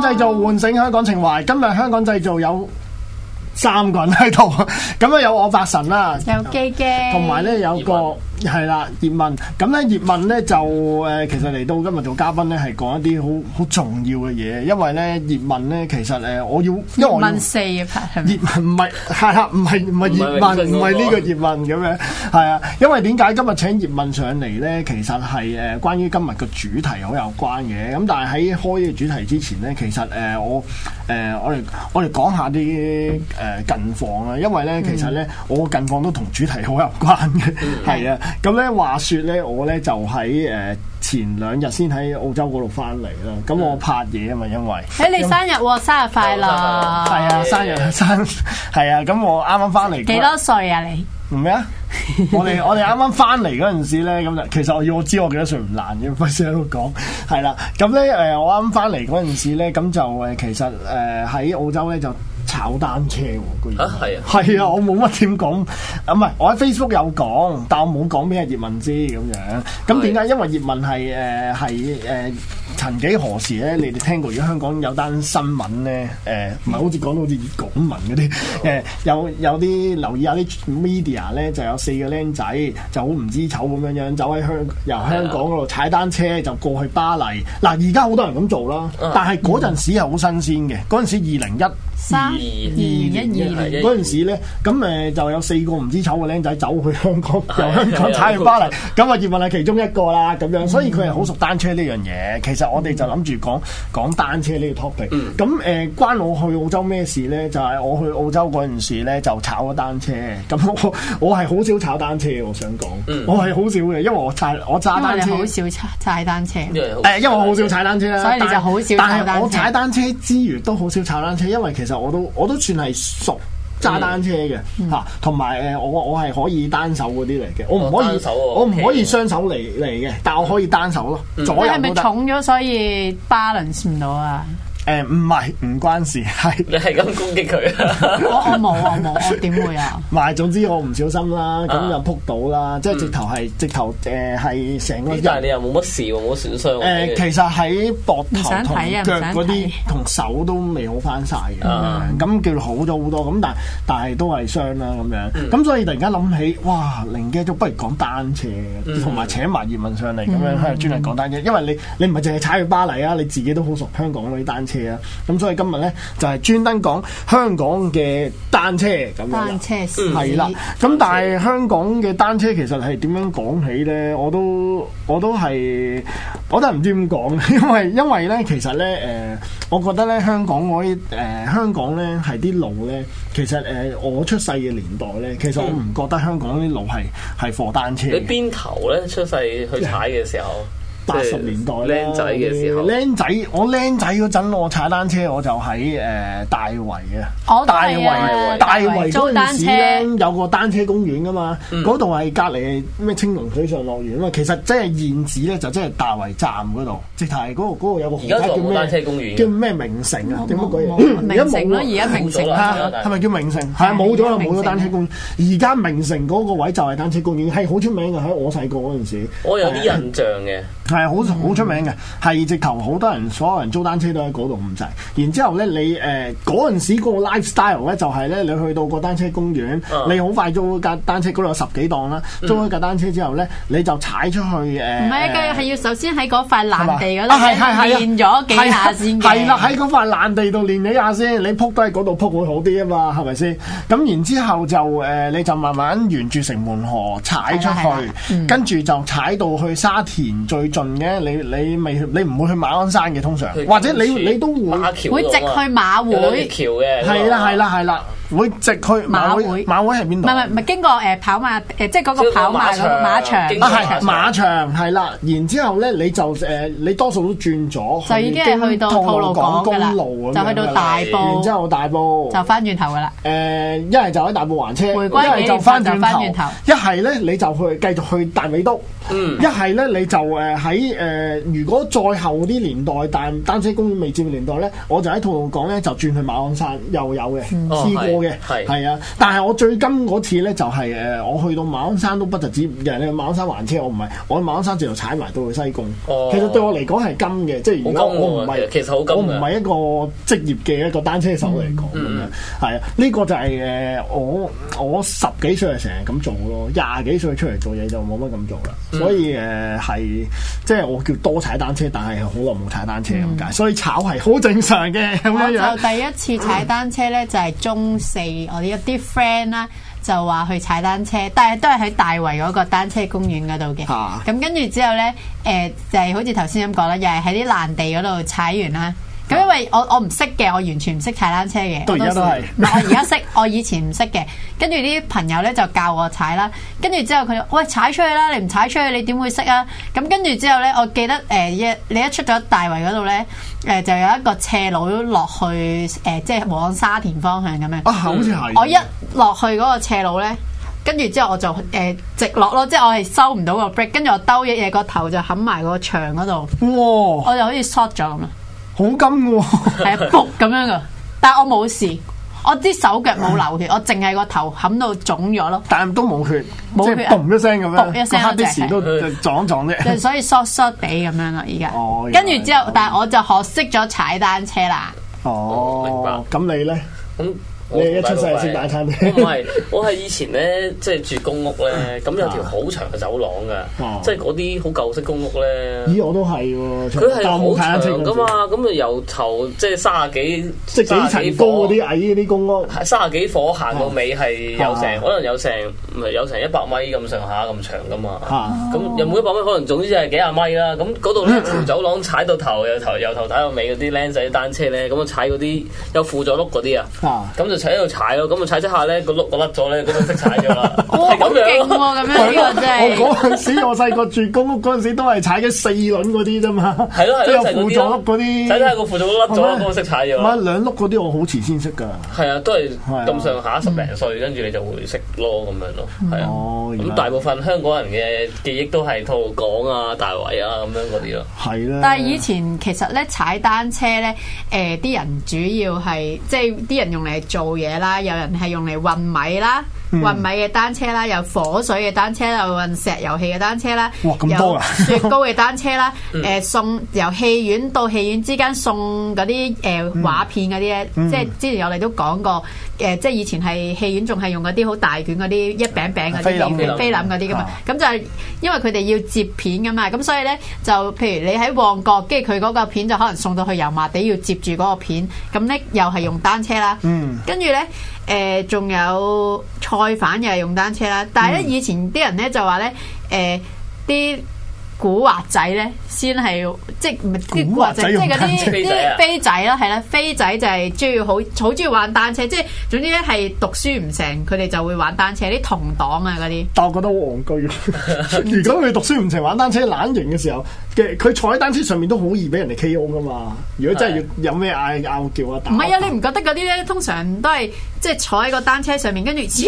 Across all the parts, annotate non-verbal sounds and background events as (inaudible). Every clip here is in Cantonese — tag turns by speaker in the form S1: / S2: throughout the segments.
S1: 製造喚醒香港情懷。今日香港製造有三個人喺度，咁 (laughs) 啊有我八神啦、啊，
S2: 有璣璣，同埋咧
S1: 有個。係啦，葉問咁咧，葉問咧就誒，其實嚟到今日做嘉賓咧，係講一啲好好重要嘅嘢，因為咧葉問咧，其實誒，我要葉問四啊排，葉問唔係係啊，唔係唔係葉問，唔係呢個葉問咁樣，係啊，因為點解今日請葉問上嚟咧，其實係誒，關於今日嘅主題好有關嘅。咁但係喺開呢個主題之前咧，其實誒我誒我哋我哋講下啲誒近況啊，因為咧其實咧我近況都同主題好有關嘅，係啊。咁咧，話説咧，我咧就喺誒前兩日先喺澳洲嗰度翻嚟啦。咁我拍嘢啊嘛，因為誒、欸、為你生
S2: 日喎，啊，生日快樂！係對啊，生日
S1: 生係啊。咁我啱啱翻嚟幾多歲啊你？你唔咩啊？我哋我哋啱啱翻嚟嗰陣時咧，咁就，其實我要我知我幾多歲唔難嘅，費事喺度講。係啦，咁咧誒，我啱翻嚟嗰陣時咧，咁就誒其實誒喺澳洲咧就。炒單車喎，居然啊，係啊，係啊，我冇乜點講，唔係我喺 Facebook 有講，但我冇講俾阿葉問知咁樣。咁點解？啊、因為葉問係誒係誒，曾幾何時咧，你哋聽過？如果香港有單新聞咧，誒唔係好似講到好似港聞嗰啲誒，有有啲留意下啲 media 咧，就有四個僆仔就好唔知醜咁樣樣走喺香由香港度踩單車就過去巴黎嗱。而家好多人咁做啦，但係嗰陣時係好新鮮嘅。嗰陣時二零一。三二一二年嗰陣時咧，咁誒、呃、就有四個唔知醜嘅僆仔走去香港，由香港踩去巴黎。咁啊葉問係其中一個啦，咁樣，所以佢係好熟單車呢樣嘢。其實我哋就諗住講講單車呢個 topic，嗯。咁誒、呃，關我去澳洲咩事咧？就係、是、我去澳洲嗰陣時咧，就炒咗單車。咁我我係好少炒單車，我想講，我係好少嘅，因為我踩我揸單車，好
S2: 少踩踩單車，因單車，呃。因為我好少踩單車所以就好少。我，我踩單
S1: 車之餘，都好少踩單車，因為其實。其實我都我都算係熟揸單車嘅嚇，同埋誒，我我係可以單手嗰啲嚟嘅，我唔可以我唔可以雙手嚟嚟嘅，但我可以單手咯。嗯、左右都得。係咪重
S2: 咗所以 balance 唔到啊？
S1: 誒唔係唔關事，係你係咁攻擊佢
S3: 啊？我我冇我冇，
S1: 我點會啊？唔係，總之我唔小心啦，咁就撲到啦，即係直頭係直頭誒係成個人。但係你
S3: 又冇乜事喎，冇損傷喎。誒，其
S1: 實喺膊頭同腳嗰啲同手都未好翻晒嘅，咁叫好咗好多。咁但但係都係傷啦咁樣。咁所以突然間諗起，哇！靈機一觸不如講單車，同埋請埋葉問上嚟咁樣喺度專嚟講單車，因為你你唔係淨係踩去巴黎啊，你自己都好熟香港嗰啲單車。咁、嗯、所以今日咧就係專登講香港嘅單車，咁單車先，係啦。咁的、嗯、但係香港嘅單車其實係點樣講起咧？我都我都係我都係唔知點講，因為因為咧其實咧誒、呃，我覺得咧香港可以誒、呃、香港咧係啲路咧，其實誒、呃、我出世嘅年代咧，其實我唔覺得香港啲路係係坐單車。你邊
S3: 頭咧出世去踩嘅時候？
S1: 八十年代僆仔嘅時候，僆仔，我僆仔嗰陣我踩單車，我就喺誒大圍啊，大圍大圍嗰度有個單車公園噶嘛，嗰度係隔離咩青龍水上樂園啊嘛，其實即係現址咧就即係大圍站嗰度，直頭係嗰度，嗰個有個。而家叫咩？叫咩名城啊？點乜鬼嘢？名城而家名城啦，係咪叫名城？係啊，冇咗啦，冇咗單車公園。而家名城嗰個位就係單車公園，係好出名嘅，喺我細個嗰陣時，我有啲印象嘅。係好好出名嘅，係直頭好多人，所有人租單車都喺度咁滯。然之後咧，你誒陣時個 lifestyle 咧，就係咧，你去到個單車公園，你好快租一架單車，嗰度有十幾檔啦。租一架單車之後咧，你就踩出去誒。
S2: 唔係啊，佢係要首先喺嗰塊爛地嗰度練咗幾下先。係啦，喺
S1: 塊爛地度練幾下先，你撲低度撲會好啲啊嘛，係咪先？咁然之後就誒你就慢慢沿住城門河踩出去，跟住就踩到去沙田最。嘅，你未你未你唔會去馬鞍山嘅通常，或者你你都會馬會會直去馬會，係啦係啦係啦。會直去馬會，馬會係邊度？唔係
S2: 唔係，經過誒跑馬誒，即係嗰個跑馬馬場。唔係馬
S1: 場，係啦。然之後咧，你就誒，你多數都轉咗就已經係去到吐露港公路咁就去到大埔。然之後大埔就翻轉頭噶啦。誒，一係就喺大埔還車，一係就翻轉頭，一係咧你就去繼續去大尾督。嗯。一係咧你就誒喺誒，如果再後啲年代，但單車公園未接嘅年代咧，我就喺吐露港咧就轉去馬鞍山又有嘅，試過。嘅係係啊！但係我最金嗰次咧，就係、是、誒，我去到馬鞍山都不特止人哋馬鞍山還車，我唔係我馬鞍山直頭踩埋到去西貢。其實對我嚟講係金嘅，即係如果我唔係其實好金我唔係一個職業嘅一個單車手嚟講，係、嗯嗯、啊、呢、這個就係、是、誒，我我十幾歲就成日咁做咯，廿幾歲出嚟做嘢就冇乜咁做啦。所以誒係即係我叫多踩單車，但係好耐冇踩單車咁解。嗯、所以炒係好正常嘅咁樣。就第
S2: 一次踩單車咧，就係中四我哋一啲 friend 啦，就話去踩單車，但係都係喺大圍嗰個單車公園嗰度嘅。咁、啊、跟住之後呢，誒、呃、就係、是、好似頭先咁講啦，又係喺啲爛地嗰度踩完啦。咁因為我我唔識嘅，我完全唔識踩單車嘅。都而家都我而家識，我以前唔識嘅。跟住啲朋友咧就教我踩啦。跟住之後佢就，喂，踩出去啦！你唔踩出去，你點會識啊？咁跟住之後咧，我記得誒一、呃、你一出咗大圍嗰度咧，誒、呃、就有一個斜路落去誒、呃，即係往沙田方向咁樣。好似係。嗯、我一落去嗰個斜路咧，跟住之後我就誒、呃、直落咯，即係我係收唔到個 brake，跟住我兜一嘢個頭就冚埋個牆嗰度。哇！我就好似 short 咗咁好金㗎，係一仆咁樣噶，但係我冇事，我啲手腳冇流血，我淨係個頭冚到腫咗咯。但係都冇血，冇血，嘣一聲咁樣，黑啲時都撞撞啫。所以疏疏地咁樣咯，而家。跟住之後，但係我就學識咗踩單車啦。
S1: 哦，明白。咁你咧？嗯。你一
S2: 出世
S3: 先打餐。咩？我唔係，我係以前咧，即係住公屋咧，咁有條好長嘅走廊噶，即係嗰啲好舊式公屋咧。咦，我
S1: 都係喎，咁我睇得清㗎嘛？
S3: 咁啊，由頭即係三啊幾，即係幾層高
S1: 啲矮嗰啲公屋，三
S3: 啊幾火行到尾係有成，可能有成有成一百米咁上下咁長㗎嘛？嚇！咁又冇一百米，可能總之就係幾啊米啦。咁嗰度走廊踩到頭，由頭由頭踩到尾嗰啲僆仔單車咧，咁啊踩嗰啲有輔助轆嗰啲啊，咁踩喺度踩咯，咁啊踩一下咧，個碌個甩咗咧，咁就識踩㗎啦。咁勁喎，係咁樣，我嗰陣時
S1: 我細個住公屋嗰陣時都係踩嘅四輪嗰啲啫嘛。係咯，即係嗰啲睇睇個輔助碌甩咗，我識踩嘅。唔係兩碌嗰啲，我好遲先識㗎。
S3: 係啊，都係咁上下十零歲，跟住你就會識咯咁樣咯。係啊，咁大部分香港人嘅記憶都係套港啊、大圍啊咁樣嗰啲咯。
S2: 係啦。但係以前其實咧踩單車咧，誒啲人主要係即係啲人用嚟做。做嘢啦，有人係用嚟運米啦，運、嗯、米嘅單車啦，又火水嘅單車，又運石油氣嘅單車啦，哇咁多啊！雪糕嘅單車啦，誒送由戲院到戲院之間送嗰啲誒畫片嗰啲咧，嗯、即係之前我哋都講過。誒、呃，即係以前係戲院仲係用嗰啲好大卷嗰啲一餅餅嗰啲菲林嗰啲噶嘛，咁就因為佢哋要接片噶嘛，咁所以咧就譬如你喺旺角，跟住佢嗰個片就可能送到去油麻地要接住嗰個片，咁咧又係用單車啦，嗯、跟住咧誒仲有菜販又係用單車啦，但係咧以前啲人咧就話咧誒啲。呃古惑仔咧，先係即係唔係古惑仔，即係嗰啲啲飛仔啦，啊，係啦，飛仔就係中意好好中意玩單車，即係總之咧係讀書唔成，佢哋就會玩單車，啲同黨啊嗰啲。但我覺得好戇居， (laughs) 如果
S1: 佢讀書唔成玩單車懶型嘅時候，嘅佢坐喺單車上面都好易俾人哋 K O 噶嘛。如果真係要有咩嗌拗叫啊打。
S2: 唔係啊，你唔覺得嗰啲咧通常都係即係坐喺個單車上面，跟住咦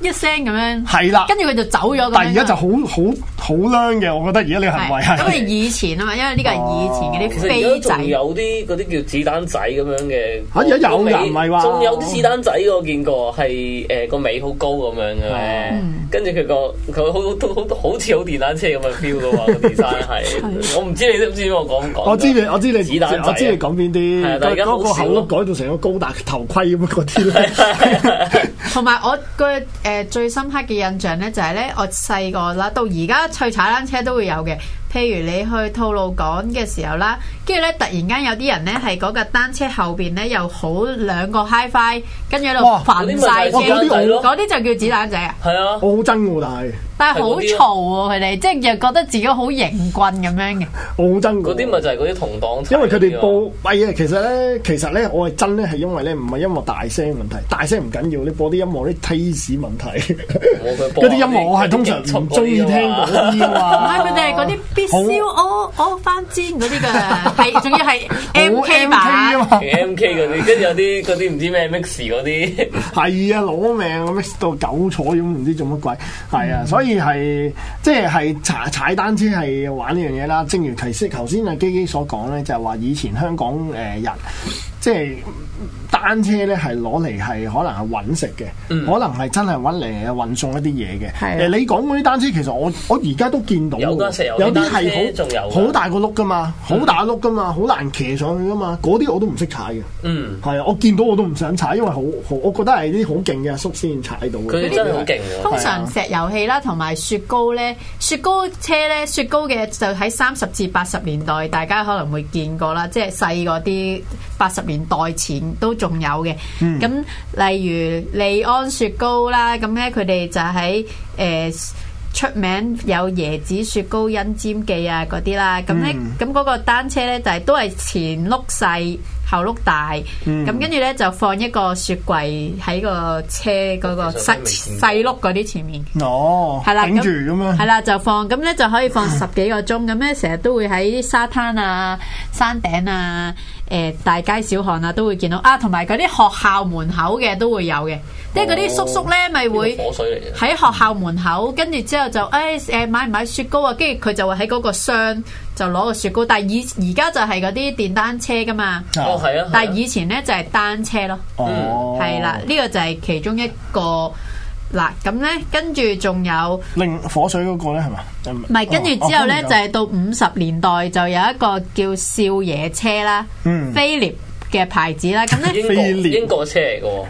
S2: 一聲咁樣。
S1: 係啦的，跟住佢就走咗。但係而家就好好好嘅，我覺得而家你。咁係 (music)
S2: 以前啊嘛，因為呢個係以前嗰啲飛仔，仲、嗯、
S3: 有啲嗰啲叫子彈仔咁樣嘅。嚇、啊！有唔係話，仲有啲子彈仔我見過，係誒、呃嗯個尾好高咁樣嘅。跟住佢個佢好好好似好電單車咁樣嘅 feel 嘅喎，個 design。係 (laughs) 是我唔知你知唔知我講唔講。我知你，我知你子彈仔，我知你
S1: 講邊啲、啊。但而家個後都改到成個高達頭盔咁樣嗰啲。
S2: 同埋我個誒、呃、最深刻嘅印象咧，就係、是、咧，我細個啦，到而家去踩單車都會有嘅。譬如你去吐露港嘅時候啦，跟住咧突然間有啲人咧係嗰架單車後邊咧又好兩個 hi-fi 跟住喺度粉晒。機，嗰啲、哦、就，就叫子彈仔、嗯、啊！
S1: 係但啊，我好憎㗎，但係但係好嘈
S2: 喎佢哋，即係又覺得自己好型棍咁樣嘅， (laughs)
S1: 我好
S3: 憎嗰啲咪就係嗰啲同黨，因為佢哋播，
S1: 喂，呀，其實咧，其實咧，我係真咧係因為咧唔係音樂大聲問題，大聲唔緊要，你播啲音樂啲 taste 問題，嗰啲、哦、 (laughs) 音樂我係通常唔中意聽
S2: 嘅，唔係佢哋嗰啲。燒哦哦翻煎嗰啲噶，係， (laughs) 仲要
S3: 係 M K 版啊嘛，M K 嗰啲，跟住有啲嗰啲唔知咩 mix 嗰啲，
S1: 係啊攞命，mix 到九彩咁，唔知做乜鬼，係啊，所以係即係踩踩單車係玩呢樣嘢啦。正如其實頭先阿基基所講咧，就係話以前香港誒人。即係單車咧，係攞嚟係可能係揾食嘅，嗯、可能係真係揾嚟運送一啲嘢嘅。嗯、你講嗰啲單車，其實我我而家都見到有啲係好好大個轆㗎嘛，好大碌㗎嘛，好難騎上去㗎嘛，嗰啲我都唔識踩嘅。嗯，係啊，我見到我都唔想踩，因為好好我覺得係啲好勁嘅阿叔先踩到佢，真係好勁。就係、通常石
S2: 油氣啦，同埋雪糕咧，雪糕車咧，雪糕嘅就喺三十至八十年代，大家可能會見過啦，即係細嗰啲八十年代前都仲有嘅，咁、嗯、例如利安雪糕啦，咁呢，佢哋就喺誒出名有椰子雪糕、甄沾記啊嗰啲啦，咁呢，咁、那、嗰個單車呢就係都係前碌細。頭碌大，咁跟住咧就放一個雪櫃喺個車嗰、嗯、個細細碌嗰啲前面。
S1: 哦，係啦的，頂住咁啊，係啦
S2: 就放，咁咧就可以放十幾個鐘。咁咧成日都會喺沙灘啊、山頂啊、誒、呃、大街小巷啊都會見到。啊，同埋嗰啲學校門口嘅都會有嘅，哦、即係嗰啲叔叔咧咪會，火水嚟嘅。喺學校門口，跟住之後就誒誒、哎、買唔買雪糕啊？跟住佢就會喺嗰個箱。就攞個雪糕，但係以而家就係嗰啲電單車噶嘛。哦，係啊。但係以前咧就係、是、單車咯。哦，係啦，呢、這個就係其中一個嗱，咁咧，跟住仲有
S1: 令火水嗰個咧係嘛？唔係，跟住之後咧、哦、就係到
S2: 五十年代就有一個叫少爺車啦，嗯、菲涅嘅牌子啦。咁咧，英國的的英國車嚟嘅喎，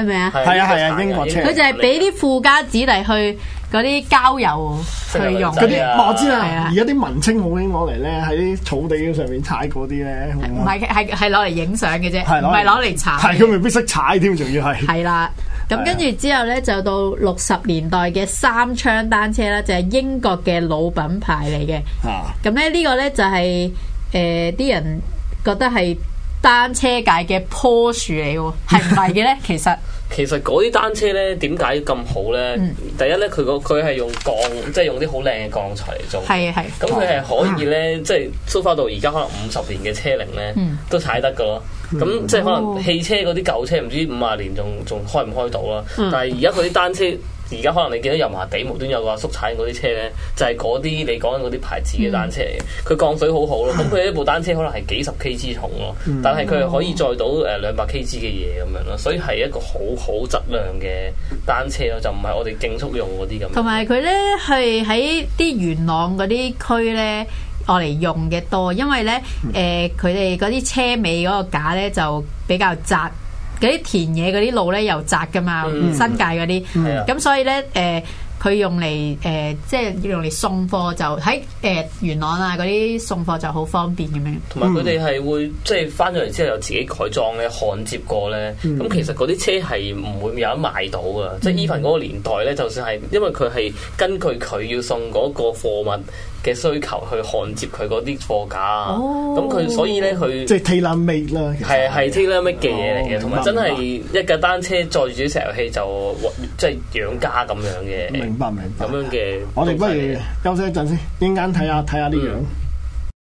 S2: 係咪啊？係啊係啊，英國車，佢就係俾啲富家子弟去，嗰啲郊遊去用嗰啲、啊些啊，我知啦。而
S1: 家啲文青好興攞嚟咧，喺草地上面踩嗰啲咧，唔係，
S2: 係係攞嚟影相嘅啫，唔係攞嚟踩。係咁
S1: 是未必識踩添，仲要係。係啦、啊，咁跟住
S2: 之後咧，就到六十年代嘅三槍單車啦，就係、是、英國嘅老品牌嚟嘅。啊呢，咁咧呢個咧就係誒啲人覺得係單車界嘅樖樹嚟喎，係唔係嘅咧？其實。
S3: 其實嗰啲單車咧，點解咁好咧？嗯、第一咧，佢個佢係用鋼，即係用啲好靚嘅鋼材嚟做。係啊係。咁佢係可以咧，是即係 so far 到而家可能五十年嘅車齡咧，嗯、都踩得噶咯。咁、嗯、即係可能汽車嗰啲舊車唔知五十年仲仲開唔開到啦。但係而家佢啲單車。嗯嗯而家可能你見到油麻地末端有個叔踩嗰啲車咧，就係嗰啲你講緊嗰啲牌子嘅單車嚟嘅，佢、嗯、降水好好咯。咁佢一部單車可能係幾十 Kg 重咯，嗯、但係佢係可以載到誒兩百 Kg 嘅嘢咁樣咯。所以係一個好好質量嘅單車咯，就唔係我哋競速用嗰啲咁。同埋佢
S2: 咧係喺啲元朗嗰啲區咧我嚟用嘅多，因為咧誒佢哋嗰啲車尾嗰個架咧就比較窄。嗰啲田野嗰啲路咧又窄㗎嘛，新界嗰啲，咁、嗯、所以咧誒。呃佢用嚟誒、呃，即係用嚟送貨就喺誒、呃、元朗啊嗰啲送貨就好方便咁樣。同埋佢哋係
S3: 會即係翻咗嚟之後又自己改裝咧、焊接過咧。咁、嗯、其實嗰啲車係唔會有得賣到㗎。嗯、即係以前嗰個年代咧，就算係因為佢係根據佢要送嗰個貨物嘅需求去焊接佢嗰啲貨架，咁佢、哦、所以咧佢即係
S1: tailor made 啦。係
S3: 係 tailor made 嘅嘢嚟嘅，同埋、哦、有真係一架單車載住啲石油氣就即係養家咁樣嘅。
S1: 五百名咁樣嘅，我哋不如休息一陣先，一陣間睇下睇下啲樣。看看這個嗯